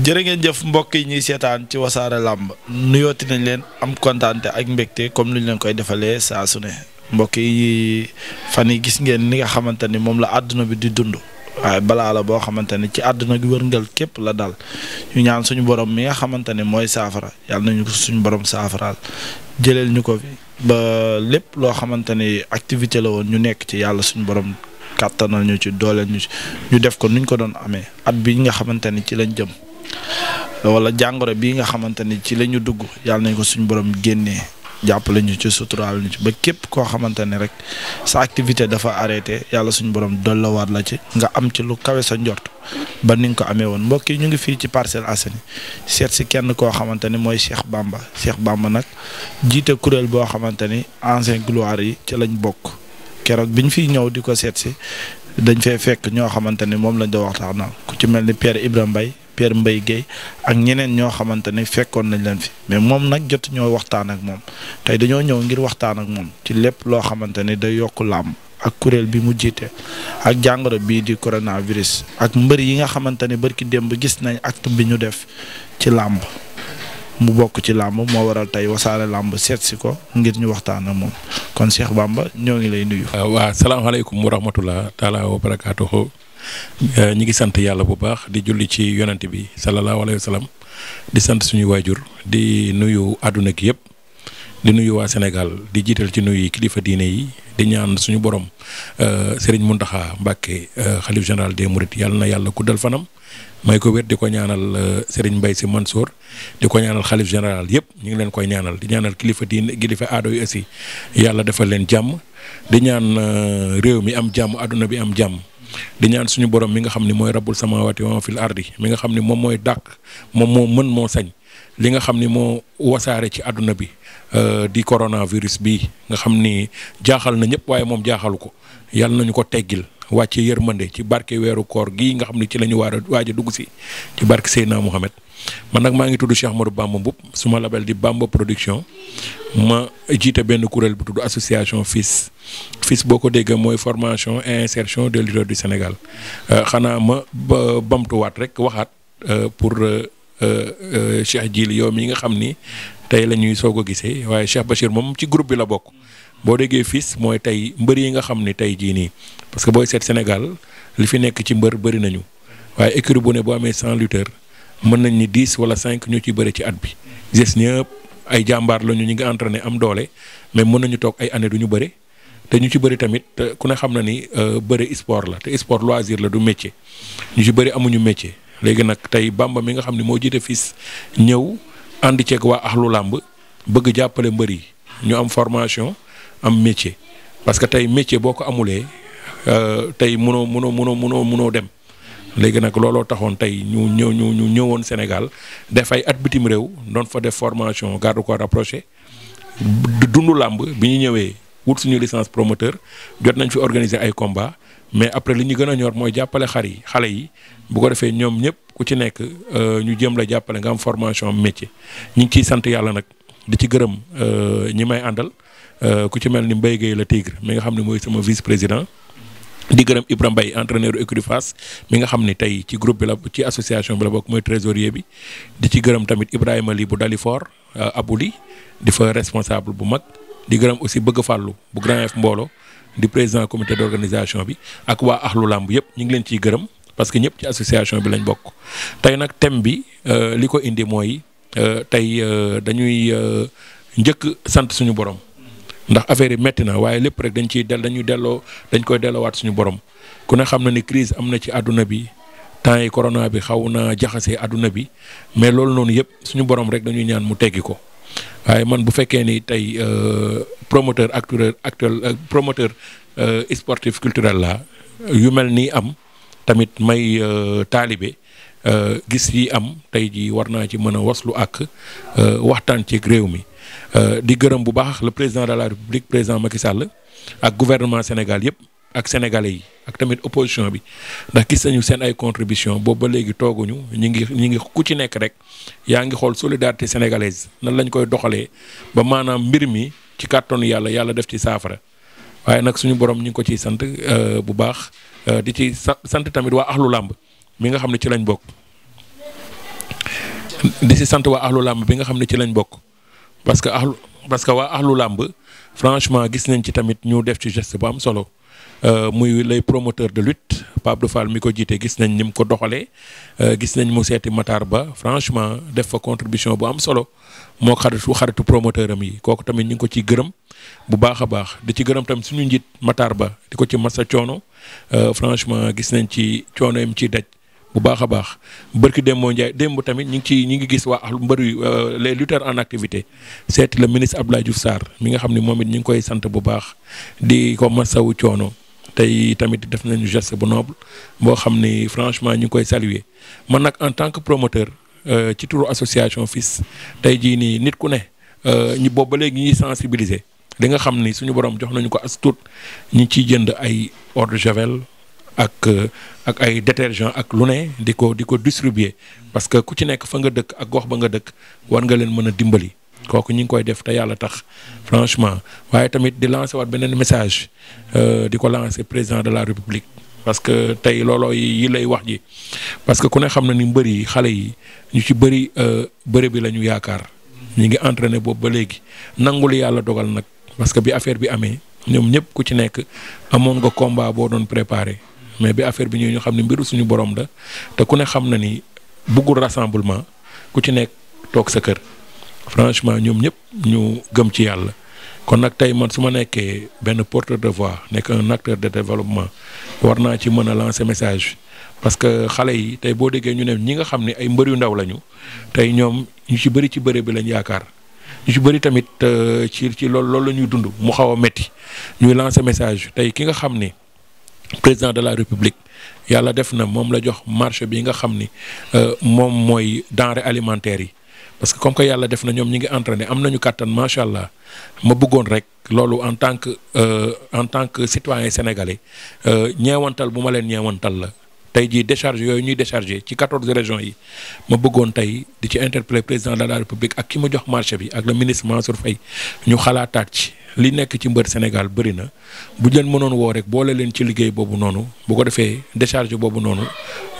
jëre ngeen jëf mbokk yi ñuy seetaan ci wasaare làmb nuyooti nañ leen am kontaante ak mbégte comme ni ñu leen koy defalee saa su ne mbokk yi fan yi gis ngeen li nga xamante ni moom la àdduna bi di dund waaye balaa la boo xamante ni ci àdduna gi wërngal képp la dal ñu ñaan suñu borom mi nga xamante ni mooy saafara yàlla nañu ko suñu borom saafaraal jëleel ñu ko fi ba lépp loo xamante ni activité la woon ñu nekk ci yàlla suñu borom. kàttanal ñu ci dooleel ñu ci ñu def ko nuñ ko doon amee at bi nga xamante ni ci lañ jëm wala jàngoro bii nga xamante ni ci lañu dugg yàlla nañ ko suñu borom génnee jàpp ñu ci suturaal ba képp koo xamante ne rek sa activité dafa arrêté yàlla suñu borom dollawaat la ci nga am ci lu kawe sa njort ba ni ko amee woon mbokk yi ñu ngi fii ci Parcelles Assainies seet si kenn koo xamante ni mooy Cheikh Bamba Cheikh Bamba nag jiite kuréel boo xamante ni ancien gloire yi ci lañ bokk keroog bi ñu fiy ñëw di ko seet si dañ fee fekk ñoo xamante ni moom lañ doon waxtaanal ku ci mel ni Père Ibrahima mbay Père mbay Guèye ak ñeneen ñoo xamante ne fekkoon nañ leen fi mais moom nag jot ñoo waxtaan ak moom tey dañoo ñëw ngir waxtaan ak moom ci lépp loo xamante ne day yokk làmb ak kuréel bi mu jiite ak jàngoro bii di coronavirus ak mbër yi nga xamante ne bërki démb gis nañ acte bi ñu def ci làmb mu bokk ci làmb moo waral tey wasaare làmb seet si ko ngir ñu waxtaan ak moom kon Cheikh Bamba ñoo ngi lay nuyu. waaw salaamaaleykum wa rahmatulah taalaa wa barakaatuhu Euh, ñi ngi sant yàlla bu baax di julli ci yonant bi sallallahu alayhi wa sallam di sant suñu waajur di nuyu àdduna gi yëpp di nuyu waa senegal di jiital ci nuyu kilifa diine yi di ñaan suñu borom euh, Serigne Mountakha Mbacké euh, xalif général des Mourides yàlla na yàlla guddal fanam may ko wér di ko ñaanal Serigne Mbaye Sy Mansour di ko ñaanal xalif général yëpp ñu ngi leen koy ñaanal di ñaanal kilifa diine kilifa aado yi aussi yàlla defal leen jàmm di ñaan réew mi am jàmm àdduna bi am jàmm. di ñaan suñu borom mi nga xam ne mooy rabbul samawati wa fil ardi mi nga xam ne moom mooy dàq moom moo mën moo sañ li nga xam ni moo wasaare ci àdduna bi euh, di coronavirus bi nga xam ni jaaxal na ñëpp waaye moom jaaxalu ko yàlla nañu ko teggil wàcce yërmande ci barke weeru koor gi nga xam ni ci la ñu war a dugg si ci barke Seydina Mohamed man nag maa ngi tudd Cheikh Modou Bamba Mboup su ma label di Bamba production ma jiite benn kuréel bu tudd association FILS FILS boo ko déggee mooy formation insertion des lutteurs du Sénégal euh, xanaa ma bamtuwaat rek waxaat euh, pour euh, Cheikh Djily yow yi nga xam ni tey lañuy ñuy soog a gisee waaye Cheikh Bachir moom ci groupe bi la bokk boo déggee FILS mooy tey mbër yi nga xam ni tey jii nii parce que booy seet Sénégal li fi nekk ci mbër bari nañu waaye écurie bu ne boo amee 100 mën nañ ni dix wala cinq ñu ci bëre ci at bi gis ñëpp ay jàmbaar la ñu ñu ngi entraîné am doole mais mën nañu toog ay année du ñu bëre te ñu ci bëri tamit ku ne xam na ni euh, bëre sport la te sport loisir la du métier ñu ci bëri amuñu métier léegi nag tey Bamba mi nga xam ne moo jiite FILS ñëw ànd ceeg waa axlu làmb bëgg jàppale mbër yi ñu am formation am métier parce que tey métier boo ko amulee euh, tey mënoo mënoo mënoo mënoo mënoo dem. léegi nag looloo taxoon tey ñu ñëw ñu ñu ñëwoon Sénégal def ay at bitim réew doon fa def formation garde corps rapproché dundu làmb bi ñu ñëwee wut suñu licence promoteur jot nañ fi organiser ay combat mais après li ñu gën a ñor mooy jàppale xar yi xale yi bu ko defee ñoom ñëpp ku ci nekk euh, ñu jëm la jàppale nga am formation am métier ñu ngi ciy sant yàlla nag di ci gërëm euh, ñi may àndal euh, ku ci mel ni Mbaye Gueye la Tigre mi nga xam ne mooy sama vice président. di gërëm Ibrahima Mbaye entraîneur écurie mi nga xam ne tey ci la ci association bi la bokk mooy bi di ci gërëm tamit Ibrahima Ly bu Dalifor euh, Abouli di fa responsable bu mag di gërëm aussi Bëgg Fàllu bu Grand F Mbooloo di président comité d'organisation bi ak waa Axlu Làmb yëpp ñu ngi leen ciy gërëm parce que ñëpp ci association bi lañ bokk tey nag thème bi euh, li ko indi mooy euh, tey dañuy njëkk sant suñu borom. ndax affaire yi métti na waaye lépp rek dañ ciy del dañuy delloo dañ koy delloowaat suñu borom ku ne xam na ni crise am na ci àdduna bi temps yi corona bi xaw na jaxasee àdduna bi mais loolu noonu yëpp suñu borom rek dañuy ñaan mu teggi ko waaye man bu fekkee ni tey euh, promoteur acteur actuel euh, promoteur euh, sportif culturel la yu mel nii am tamit may taalibe gis yi am tey ji war naa ci mën a waslu ak waxtaan ci réew mi Euh, di gërëm bu baax la président de la république président Macky Sall ak gouvernement Sénégal yëpp ak sénégalais yi ak tamit opposition bi ndax gis nañu seen ay contribution boobu ba léegi tooguñu ñu ngi ñu ngi ku ci nekk rek yaa ngi xool solidarité sénégalaise nan lañ koy doxalee ba maanaam mbir mi ci kàttanu yàlla yàlla def ci saafara waaye nag suñu boroom ñu ngi ko ci sant euh, bu baax euh, di ci sant tamit waa axlu làmb mi nga xam ne ci lañ bokk di si sant waa axlu làmb bi nga xam ne ci lañ bokk. parce que ahlu parce que waa ahlu làmb franchement gis nañ ci tamit ñu def ci geste bu am solo euh, muy lay promoteur de lutte Pape Fall mi ko jiite gis nañ ni mu ko doxalee euh, gis nañ mu seeti Matar Ba franchement def fa contribution bu am solo moo xaritu xaritu promoteur am yi kooku tamit ñu ngi ko ciy gërëm bu baax a baax di ci gërëm tamit suñu njiit Matar Ba di ko ci massa coono euh, franchement gis nañ ci coono yam ciy daj. bu baax a baax barki Demba Ndiaye démb tamit ñu ngi ci ñu ngi gis waa ah mbër yu euh, les lutteurs en activité seeti le ministre Abdoulaye Diouf Sarr mi nga xam ni moom it ñu ngi koy sant bu baax di ko masawu coono tey tamit def nañu geste bu noble boo xam ni franchement ñu ngi koy saluer man nag en tant que promoteur euh, ci turu association FILS tey jii nii nit ku ne euh, ñu boobu ba léegi sensibiliser li nga xam ni suñu borom jox nañu ko as tuut ñu ciy jënd ay eau de javel ak euh, ak ay détergent ak lu ne di ko di ko distribuer parce que ku ci nekk fa nga dëkk ak gox ba nga dëkk war nga leen mën a dimbali kooku ñu ngi koy def te yàlla tax franchement waaye tamit di lancer waat beneen message euh, di ko lancer président de la république parce que tey looloo yi lay wax ji parce que ku ne xam na ni mbër yi xale yi ñu ci bëri euh, bëre bi la ñu yaakaar ñu ngi entraîné boobu ba léegi nangu li yàlla dogal nag parce que bi affaire bi amee ñoom ñëpp ku ci nekk amoon nga combat boo doon préparé mais bi affaire bi ñëwee ñu xam ne mbiru suñu borom la te ku ne xam na ni buggul rassemblement ku ci nekk toog sa kër franchement ñoom ñëpp ñu gëm ci yàlla. kon nag tey man su ma nekkee benn porteur de voix nekk nag acteur de développement war naa ci mën a lancer message parce que xale yi tey boo déggee ñu ne ñi nga xam ne ay mbër yu ndaw lañu tey ñoom ñu ci bëri ci bëre bi lañ yaakaar. ñu ci bëri tamit euh, ci ci loolu loolu la ñuy dund mu xaw a métti ñuy lancer message tey ki nga xam ni président de la république yàlla def na moom la jox marché bi nga xam ni euh, moom mooy denre alimentaire yi parce que comme que yàlla def na ñoom ñi ngi entraîné am nañu kàttan macha allah ma bëggoon rek loolu en tant que euh, en tant que citoyen sénégalais euh, ñeewantal bu ma leen ñeewantal la tey jii décharge yooyu ñuy déchargé ci quatorze régions yi ma bëggoon tey di ci interpeller président de la république ak ki ma jox marché bi ak le ministre Mansour ñu xalaataat ci li nekk ci mbër Sénégal bëri na bu leen mënoon woo rek boole leen ci liggéey boobu noonu bu ko defee décharge boobu noonu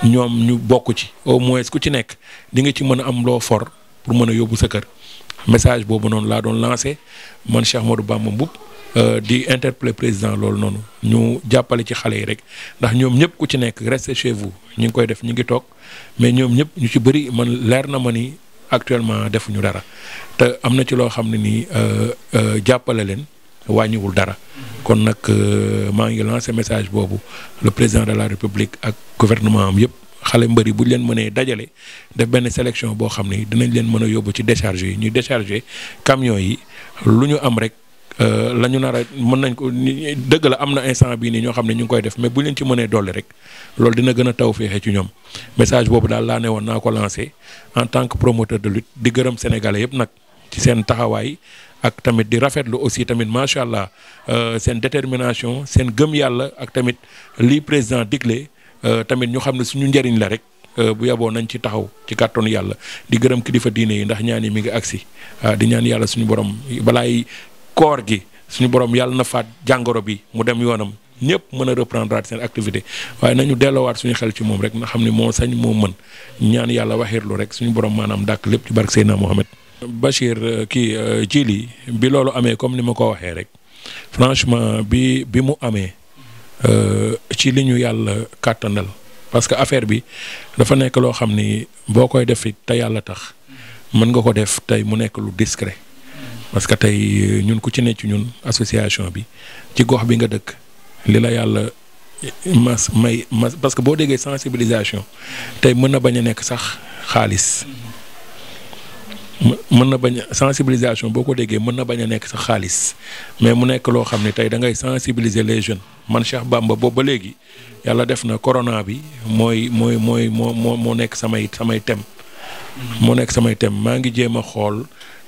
ñoom ñu bokk ci au moins ku ci nekk di nga ci mën a am loo for pour mën a yóbbu sa kër message boobu noonu laa doon lancé man Cheikh Modou Bamba Mboup Euh, di interpeller président loolu noonu ñu jàppale ci xale yi rek ndax ñoom ñëpp ku ci nekk restez chez ñu ngi koy def ñu ngi toog mais ñoom ñëpp ñu ci bëri man leer na ma ni actuellement defuñu dara te am na ci loo xam ne nii euh, euh, jàppale leen wàññiwul dara kon nag maa ngi lancé message boobu le président de la république ak gouvernement am yëpp. xale mbëri bu ñu leen mënee dajale def benn sélection boo xam ne dinañ leen mën a yóbbu ci décharge yi ñuy décharger camion yi lu ñu am rek Euh, la ñu nar mën nañ ko dëgg la am na instant bii nii ñoo xam ne ñu ngi koy def mais bu leen ci mënee dolli rek loolu dina gën a taw féexe ci ñoom message boobu daal laa ne woon naa ko lancé en tant que promoteur de lutte di gërëm sénégalais yëpp nag ci seen taxawaay ak tamit di rafetlu aussi tamit macha allah euh, seen détermination seen gëm yàlla ak tamit lii président digle euh, tamit ñu xam ne ñu njëriñ la rek. bu yaboo nañ ci taxaw ci kàttanu yàlla di gërëm kilifa diine yi ndax ñaan mi ngi agsi ah, di ñaan yàlla suñu borom koor gi suñu borom yàlla na faat jàngoro bi mu dem yoonam ñëpp mën a reprendre seen activité waaye nañu delloowaat suñu xel ci moom rek na xam ni moo sañ moo mën ñaan yàlla waxirlu rek suñu borom maanaam dàkk lépp ci barke Seydina Mohamed. Bachir euh, kii euh, Djily bi loolu amee comme ni ma ko waxee rek franchement bi bi mu amee euh, ci li ñu yàlla kàttanal parce que affaire bi dafa nekk loo xam ni boo koy def te yàlla tax mën nga ko def tey mu nekk lu discret. parce que tey euh, ñun ku ci ne ci ñun association bi ci gox bi nga dëkk li la yàlla eh, mas may mas parce que boo déggee sensibilisation tey mën na bañ a nekk sax xaalis mën na bañ sensibilisation boo ko déggee mën na bañ a nekk sax xaalis mais mu nekk loo xam ne tey da ngay sensibiliser les jeunes man Cheikh Bamba boobu ba léegi yàlla def na corona bi mooy mooy mooy moo moo moo nekk samay samay thème moo nekk samay thème maa ngi jéem a xool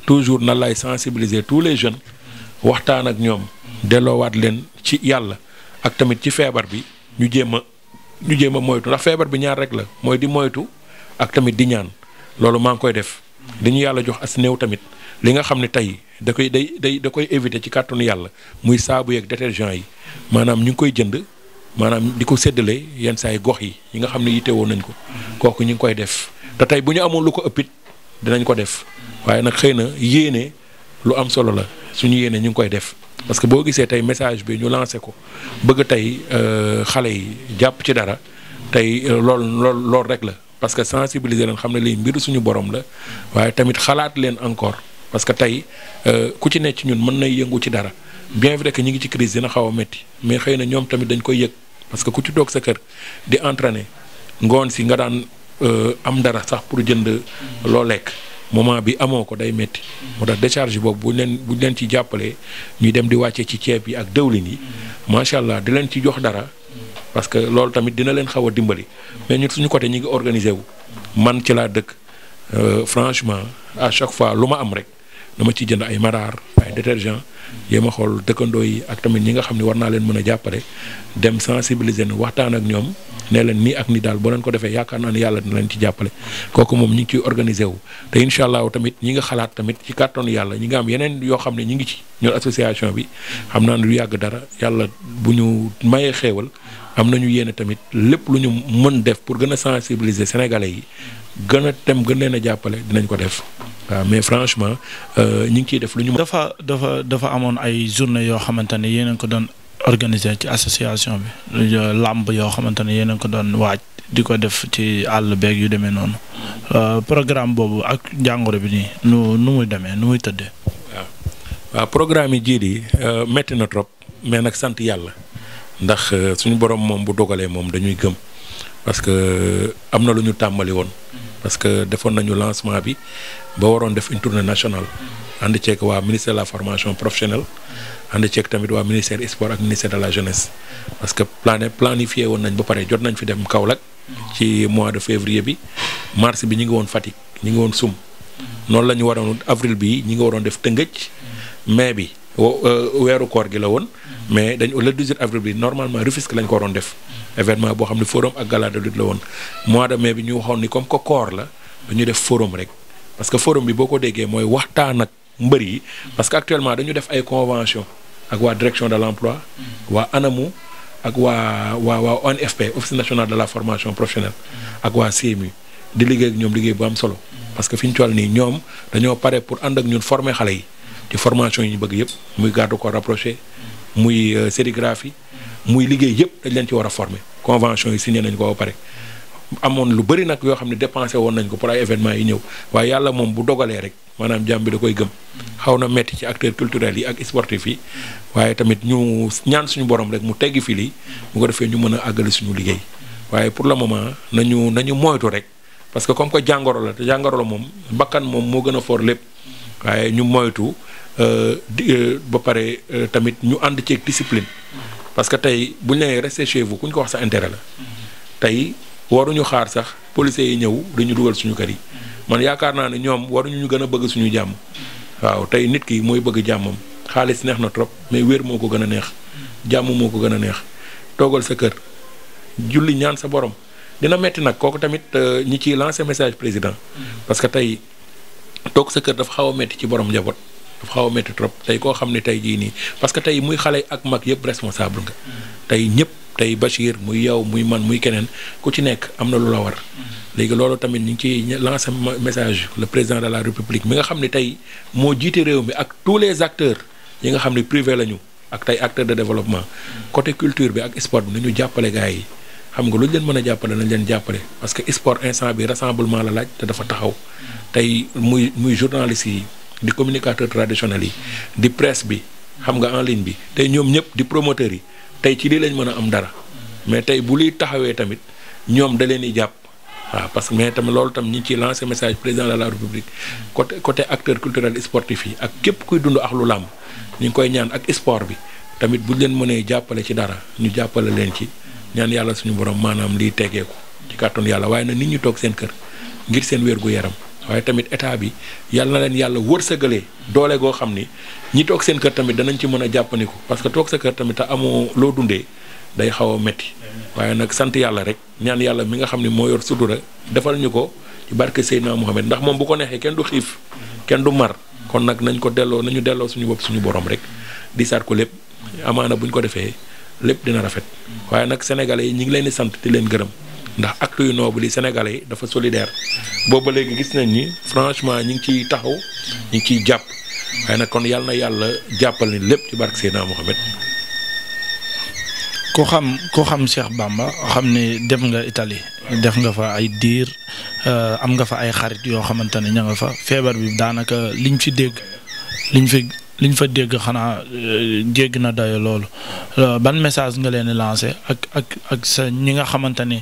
toujours na lay sensibiliser tous les jeunes waxtaan ak ñoom delloowaat leen ci yàlla ak tamit ci feebar bi ñu jéem a ñu jéem a moytu ndax feebar bi ñaar rek la mooy di moytu ak tamit di ñaan loolu maa ngi koy def di ñu yàlla jox as néew tamit li nga xam ne tey da day day da koy éviter ci kàttanu yàlla muy saabu yeeg détergent yi maanaam ñu ngi koy jënd maanaam di ko séddale yenn saa gox yi yi nga xam ne yittewoo nañ ko kooku ñu ngi koy def te tey bu dinañ ko def waaye nag xëy na yéene lu am solo la suñu yéene ñu ngi koy def parce que boo gisee tey message bi ñu lancé ko bëgg tey euh, xale yi jàpp ci dara tey euh, lool lool lool rek la parce que sensibiliser leen xam ne lii mbiru suñu borom la waaye tamit xalaat leen encore parce que tey euh, ku ci nekk ci ñun mën nay yëngu ci dara bien vrai que ñu ngi ci crise dina xaw a métti mais xëy na ñoom tamit dañ koy yëg parce que ku ci toog sa kër di entraîner ngoon si nga daan. Euh, am dara sax pour jënd loo lekk moment bi amoo ko day métti moo tax décharge boobu buñ leen buñ leen ci jàppalee ñuy dem di wàccee ci ceeb yi ak dëwlin yi macha allah di leen ci jox dara parce que loolu tamit dina leen xaw a dimbali mais ñun suñu côté ñu ngi organiser wu man ci laa dëkk euh, franchement à chaque fois lu ma am rek. dama ci jënd ay maraar waaye détergent yéem ma xool dëkkandoo yi ak tamit ñi nga xam ne war naa leen mën a jàppale dem sensibiliser na waxtaan ak ñoom ne leen nii ak ni daal boo leen ko defee yaakaar naa ne yàlla dina leen ci jàppale kooku moom ñi ngi ciy organiser wu te incha allah tamit ñi nga xalaat tamit ci kàttanu yàlla ñi nga am yeneen yoo xam ne ñi ngi ci ñoom association bi xam naa ne du yàgg dara yàlla bu ñu mayee xéewal am na nañu yéene tamit lépp lu ñu mën def pour gën a sensibiliser sénégalais yi gën a tem gën leen a jàppale dinañ ko def waa mais franchement euh, ñu ngi ciy def lu ñu. dafa dafa dafa amoon ay journée yoo xamante ne yéen ko doon organiser ci association bi làmb yoo xamante ne yéen ko doon waaj di ko def ci àll beeg yu demee noonu euh, programme boobu ak njàngoro bi nii nu nu muy demee nu muy tëdde waaw waaw programme yi jiit yi euh, métti na trop mais nag sant yàlla ndax suñu borom moom bu dogalee moom dañuy gëm parce que am na lu ñu tàmbali woon. parce que defoon nañu lancement bi ba waroon def une tournée nationale ànd ceeg waa ministère de la formation professionnelle ànd ceeg tamit waa ministère sport ak ministère de la jeunesse parce que plane planifié woon nañ ba pare jot nañ fi dem Kaolack ci mois de février bi mars bi ñu ngi woon Fatick ñu ngi woon Soum noonu la ñu waroon avril bi ñu ngi waroon def Tëngëj mai bi Euh, weeru koor gi la woon mais dañ le 18 avril bi normalement Rufisque lañ ko doon def événement boo xam ne forum ak gala de lutte la woon mois de mai bi ñu waxoon ni comme que koor la dañu def forum rek parce que forum bi boo ko déggee mooy waxtaan ak mbër yi parce que actuellement dañu def ay convention ak waa direction de l'emploi waa ANAMU ak waa waa waa ONFP office national de la formation professionnelle ak waa CMU di liggéey ak ñoom liggéey bu am solo parce que fi ñu toll nii ñoom dañoo pare pour ànd ak ñun former xale yi ci formation yi ñu bëgg yëpp muy garde corps rapproché muy euh, sérigraphie muy liggéey yëpp dañ leen ci war a former convention yi signé nañ ko ba pare amoon lu bëri nag yoo xam ne dépensé woon nañ ko pour ay événement yi ñëw waaye yàlla moom bu dogalee rek maanaam jàmm bi da koy gëm xaw na metti ci acteurs culturels yi ak sportifs yi waaye tamit ñu ñaan suñu borom rek mu teggi fi lii bu ko defee ñu mën a àggale suñu liggéey waaye pour le moment nañu nañu moytu rek parce que comme que jàngoro la te moom bakkan moom moo gën a for lépp waaye ñu moytu Euh, euh, ba pare euh, tamit ñu ànd ceeg discipline parce que tey bu ñu nee restez chez vous ku ñu ko wax sa intérêt la tey waruñu xaar sax policiers yi ñëw dañu dugal suñu kër yi man yaakaar naa ne ñoom waruñu ñu gën a bëgg suñu jàmm waaw tey nit ki mooy bëgg jàmmam xaalis neex na trop mais wér moo ko gën a neex jàmm moo ko gën a neex toogal sa kër julli ñaan sa borom dina metti nag kooku tamit ñi ciy lancer message président mm. parce que tey toog sa kër dafa xaw a metti ci borom njaboot. dafa xaw a métti trop tey koo xam ne tey jii nii parce que tey muy xale ak mag yëpp responsable nga. tey ñëpp tey Bachir muy yow muy man muy keneen ku ci nekk am na lu la war. léegi loolu tamit ñu ngi ciy lancé message le président de la république mi nga xam ni tey moo jiite réew mi ak tous les acteurs yi nga xam ne privé lañu ak tey acteur de développement. côté culture bi ak sport bi ñu jàppale gars yi. xam nga lu ñu leen mën a jàppale nañ leen jàppale parce que sport instant bi rassemblement la laaj te dafa taxaw di communicateur traditionnel yi di presse bi xam nga en ligne bi tey ñoom ñëpp di promoteurs yi tey ci lii lañ mën a am dara mais tey bu liy taxawee tamit ñoom da leen di jàpp waaw parce que mais tamit loolu tam ñi ci lancé message président de la république côté côté acteur culturel sportif yi ak képp kuy dund ak lu làmb ñu ngi koy ñaan ak sport bi tamit buñ leen mënee jàppale ci dara ñu jàppale leen ci ñaan yàlla suñu borom maanaam liy teggeeku ci kàttanu yàlla waaye na nit ñu toog seen kër ngir seen wér gu yaram waaye tamit état bi yàlla na leen yàlla wërsëgalee doole goo xam ni ñi toog seen kër tamit danañ ci mën a jàppandiku parce que toog sa kër tamit te amoo loo dundee day xaw a metti waaye nag sant yàlla rek ñaan yàlla mi nga xam ne moo yor sutura defal ñu ko ci barke Seydina Mohamed ndax moom bu ko neexee kenn du xiif kenn du mar kon nag nañ ko delloo nañu delloo suñu bopp suñu borom rek di saat ko lépp amaana ñu ko defee lépp dina rafet waaye nag sénégalais yi ñu ngi leen di sant di leen gërëm. ndax ak yu noble yi sénégalais dafa solidaire boobu ba léegi gis nañ ni franchement ñi ngi ciy taxaw ñi ngi ciy jàpp waaye nag kon yàlla na yàlla jàppal ni lépp ci barke Seydina Mohamed. ku xam koo xam Cheikh Bamba xam ne dem nga Italie def nga fa ay diir euh, am nga fa ay xarit yoo xamante ne ña nga fa feebar bi daanaka liñ fi dégg liñ fi liñ fa dégg xanaa euh, jégg na dayo loolu euh, ban message nga leen lancé ak ak ak sa ñi nga xamante ni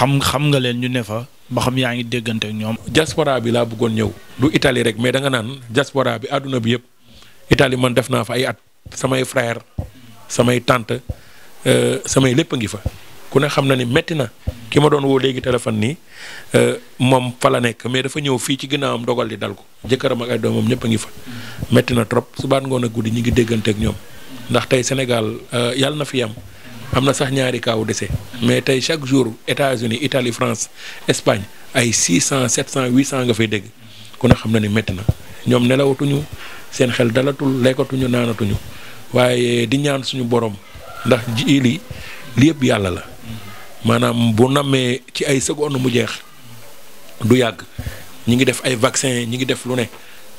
xam xam nga leen ñu ne fa ba xam yaa ngi déggante ñoom. diaspora bi laa bëggoon ñëw lu itali rek mais danga naan diaspora bi àdduna bi yëpp Italie man def naa fa ay at samay frère samay tànt euh, samay lépp a ngi fa ku ne xam na ni metti na. ki ma doon woo léegi téléphone nii euh, moom fa la nekk mais dafa ñëw fii ci ginnaawam dogal di dal ko jëkkëram ak ay doomam ñëpp a ngi fa. métti na trop subaat ngoon ak guddi ñu ngi dégganteeg ñoom ndax tey Sénégal euh, yàlla na fi yam am na sax ñaari kaawu dese mais tey chaque jour États-Unis Italie France Espagne ay 600 700 800 nga fay dégg ku ne xam na ni métti na ñoom nelawatuñu seen xel dalatul lekkatuñu naanatuñu waaye di ñaan suñu borom ndax ji lii lépp yàlla la. maanaam bu nammee ci ay seconde mu jeex du yàgg ñi ngi def ay vaccin ñi ngi def lu ne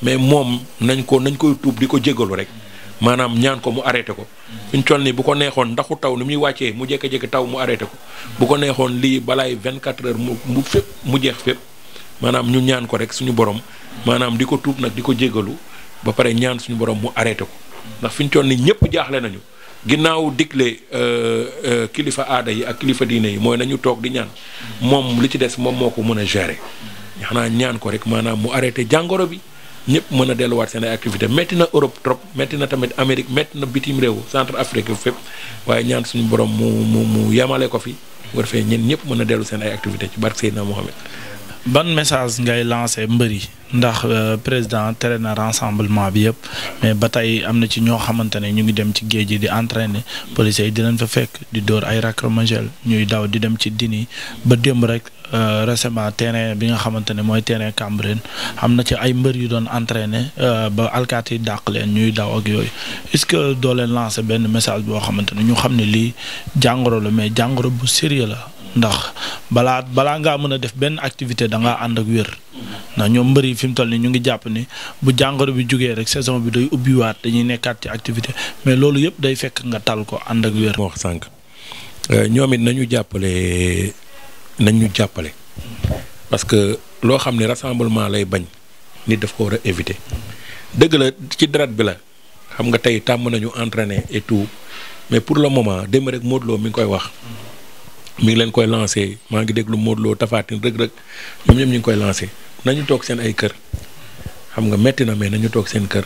mais moom nañ ko nañ koy tuub di ko jégalu rek maanaam ñaan ko mu arrêté ko fi ñu toll bu ko neexoon ndaxu taw ni muy wàccee mu jékki-jékki taw mu ko bu ko neexoon lii balaay 24 heures mu mu mu jeex fépp maanaam ñu ñaan ko rek suñu borom maanaam di ko tuub nag di ko jégalu ba pare ñaan suñu borom mu arrêté ko ndax fi ñu toll nii ñëpp jaaxle nañu. ginnaaw digle euh, euh, kilifa aada yi ak kilifa diine yi mooy nañu toog di ñaan moom lu ci des moom moo ko mën a gérer xanaa ñaan ko rek maanaam mu arrêté jàngoro bi ñëpp mën a delluwaat seen ay activité métti na Europe trop metti na tamit Amérique métti na bitim réew centre Afrique fépp waaye ñaan suñu borom mu mu mu yamale ko fi war fee ñen ñëpp mën a dellu seen ay activité ci barke Seydina Mohamed ban message ngay lancé mbëri ndax euh, président tere na rassemblement bi yëpp mais ba tey am na ci ñoo xamante ne ñu ngi dem ci géej gi di entraîner police yi di leen fa fekk di dóor ay lacrymogène ñuy daw di dem ci dini ba démb rek euh, récemment terrain bi nga xamante ne mooy terrain Cambérène am na ci ay mbër yu doon entraîner euh, ba alkaati yi dàq leen ñuy daw ak yooyu est-ce que doo leen lancer benn message boo xamante ne ñu xam ne lii jàngoro la mais jàngoro bu sérieux la. ndax balaa balaa ngaa mën a def benn activité da ànd ak wér ndax ñoom mbër yi fi mu toll nii ñu ngi jàpp ni bu jàngoro bi jógee rek saison bi day ubbiwaat dañuy nekkaat ci activité mais loolu yëpp day fekk nga tal ko ànd ak wér. wax sànq euh, ñoom it nañu jàppale nañu jàppale parce que loo xam ne rassemblement lay bañ nit daf ko war a éviter dëgg la ci deret bi la xam nga tey tàmm nañu entraîner et tout mais pour le moment démb rek Modou Lo mi ngi koy wax. mi ngi leen koy lancé maa ngi déglu Modou Lo Tapha Tine Reug Reug ñoom koy lancé nañu toog seen ay kër xam nga metti na mais nañu toog seen kër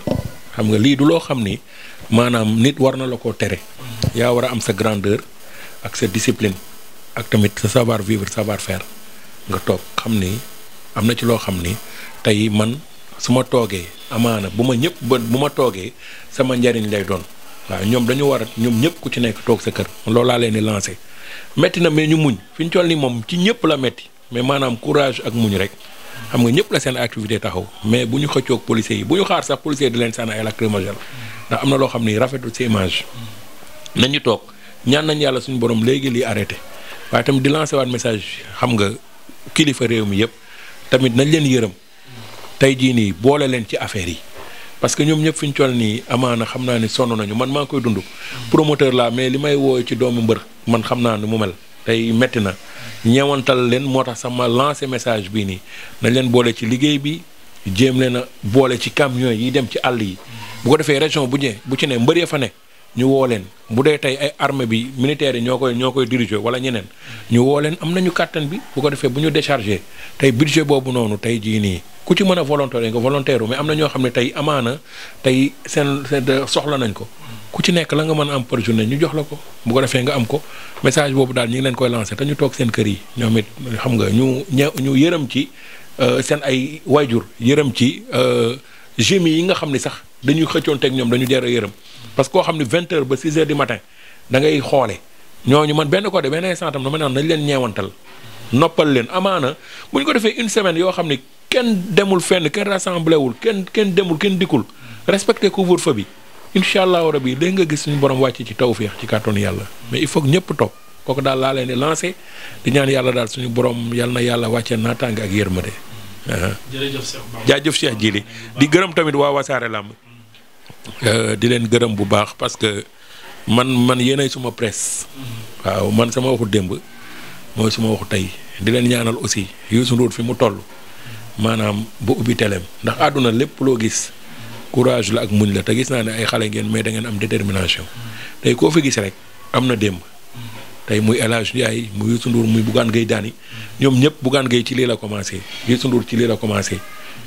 xam nga lii du loo xam ni maanaam nit war na la koo tere yaa war a am sa grandeur ak sa discipline ak tamit sa savoir vivre savoir faire nga toog xam ni am na ci loo xam ni tey man su ma toogee amaana bu ma ñëpp ba bu ma toogee sama njariñ lay doon waaw ñoom dañu war a ñoom ñëpp ku ci nekk toog sa kër loolu laa leen di lancé metti na mais ñu muñ fi ñu toll nii moom ci ñëpp la metti mais maanaam courage ak muñ rek xam nga ñëpp la seen activité taxaw mais bu ñu xëccoog policiers yi bu ñu xaar sax policiers di leen sànni ay lacrymogène ndax am na loo xam ni rafetul ci image nañu toog ñaan nañ yàlla suñu borom léegi li arrêté waaye tamit di lancé message xam nga kilifa réew mi yëpp tamit nañ leen yërëm tey jii nii boole leen ci affaire yi parce que ñoom ñëpp fi ñu toll nii amaana xam naa ne sonn nañu man maa koy dund. promoteur laa mais li may wooy ci doomu mbër man xam naa ne mu mel tey metti na ñeewantal leen moo tax sama lancé message bii nii nañ leen boole ci liggéey bi jéem leen a boole ci camion yi dem ci àll yi. bu ko defee région bu ñëwee bu ci ne mbër fa ne ñu woo leen bu dee tey ay armée bi militaire ñoo koy ñoo koy diriger wala ñeneen ñu woo leen am nañu kàttan bi bu ko defee bu ñu déchargé tey budget boobu noonu tey jii nii. ku ci mën a volontaire nga volontaire mais am na ñoo xam ne tey amaana tey seen soxla nañ ko ku ci nekk la nga mën a am par journée ñu jox la ko bu ko defee nga am ko message boobu daal ñu ngi leen koy lancé te ñu toog seen kër yi ñoom it xam nga ñu ñu yërëm ci euh, seen ay waajur yërëm ci euh, gémi yi nga xam ne sax dañuy xëccoon teg ñoom dañu jar a yërëm parce que koo xam ne vingt heures ba six heures du matin da ngay xoole ñooñu man benn côté benn instant tam dama naan nañ leen ñeewantal noppal leen amaana bu ñu ko defee une semaine yoo xam ne kenn demul fenn kenn rassemblé wul kenn kenn demul kenn dikkul respecté couvre-feu bi incha allahu rabi léegi nga gis suñu borom wàcc ci tawféex ci kàttanu yàlla mais il faut que toog kooku daal laa leen di lancé di ñaan yàlla daal suñu borom yàlla na yàlla wàccee naataange ak yërmande. jërëjëf Cheikh Ba jaajëf Cheikh Jili di gërëm tamit waa Wasaare Lamb euh, di leen gërëm bu baax parce que man man yéenay suma presse. waaw man sama waxu démb mooy suma waxu tey di leen ñaanal aussi Youssou su fi mu toll. maanaam bu ubbi teleem ndax àdduna lépp loo gis courage la ak muñ la te gis naa ne ay xale ngeen mais da ngeen am détermination tey koo fi gis rek am na démb tey muy El Hadj Ndiaye muy Youssou Ndour muy Bougane Gueye ñoom ñëpp Bougane Gueye ci lii la commencé Youssou Ndour ci lii la commencé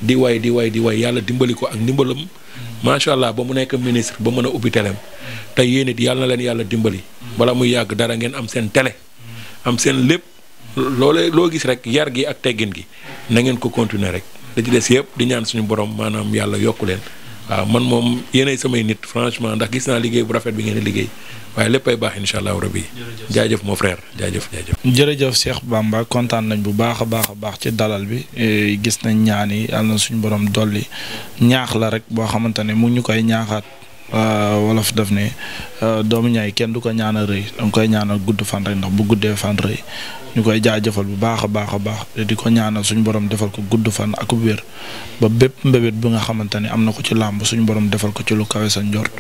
di way di way di way yàlla dimbali ko ak ndimbalam macha allah ba mu nekk ministre ba mën a ubbi teleem te yéen it yàlla na leen yàlla dimbali. bala muy yàgg dara ngeen am seen tele am seen lépp. loolee loo gis rek yar gi ak teggin gi na ngeen ko continuer rek da ci des yëpp di ñaan suñu borom maanaam yàlla yokku leen waaw man moom yéenay samay nit franchement ndax gis naa liggéey bu rafet bi ngeen liggéey waaye léppay baax incha allahu rabi. jërëjëf jaajëf mon frère jaajëf jaajëf. jërëjëf Cheikh Bamba kontaan nañ bu baax a baax a baax ci dalal bi eh, gis nañ ñaan yi yàlla suñu borom dolli ñaax la rek boo xamante ne mu ñu koy ñaaxaat. Euh, wolof def ne euh, doomu ñaay kenn du ko ñaanal rëy danga koy ñaanal gudd fan rek ndax bu guddee fan rëy ñu koy jaajëfal bu baax a baax a baax te di ko ñaanal suñu borom defal ko gudd fan ak wér ba bépp mbébét bi nga xamante ne am na ko ci làmb suñu borom defal ko ci lu kawe sa njort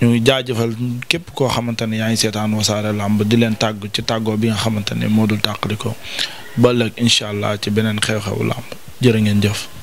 ñu ngi jaajëfal képp koo xamante ne yaa ngi seetaan wasaare làmb di leen tàgg ci tàggoo bi nga xamante ne moo dul tàqali ko ba ëllëg incha allah ci beneen xew-xewu làmb jërë ngeen jëf.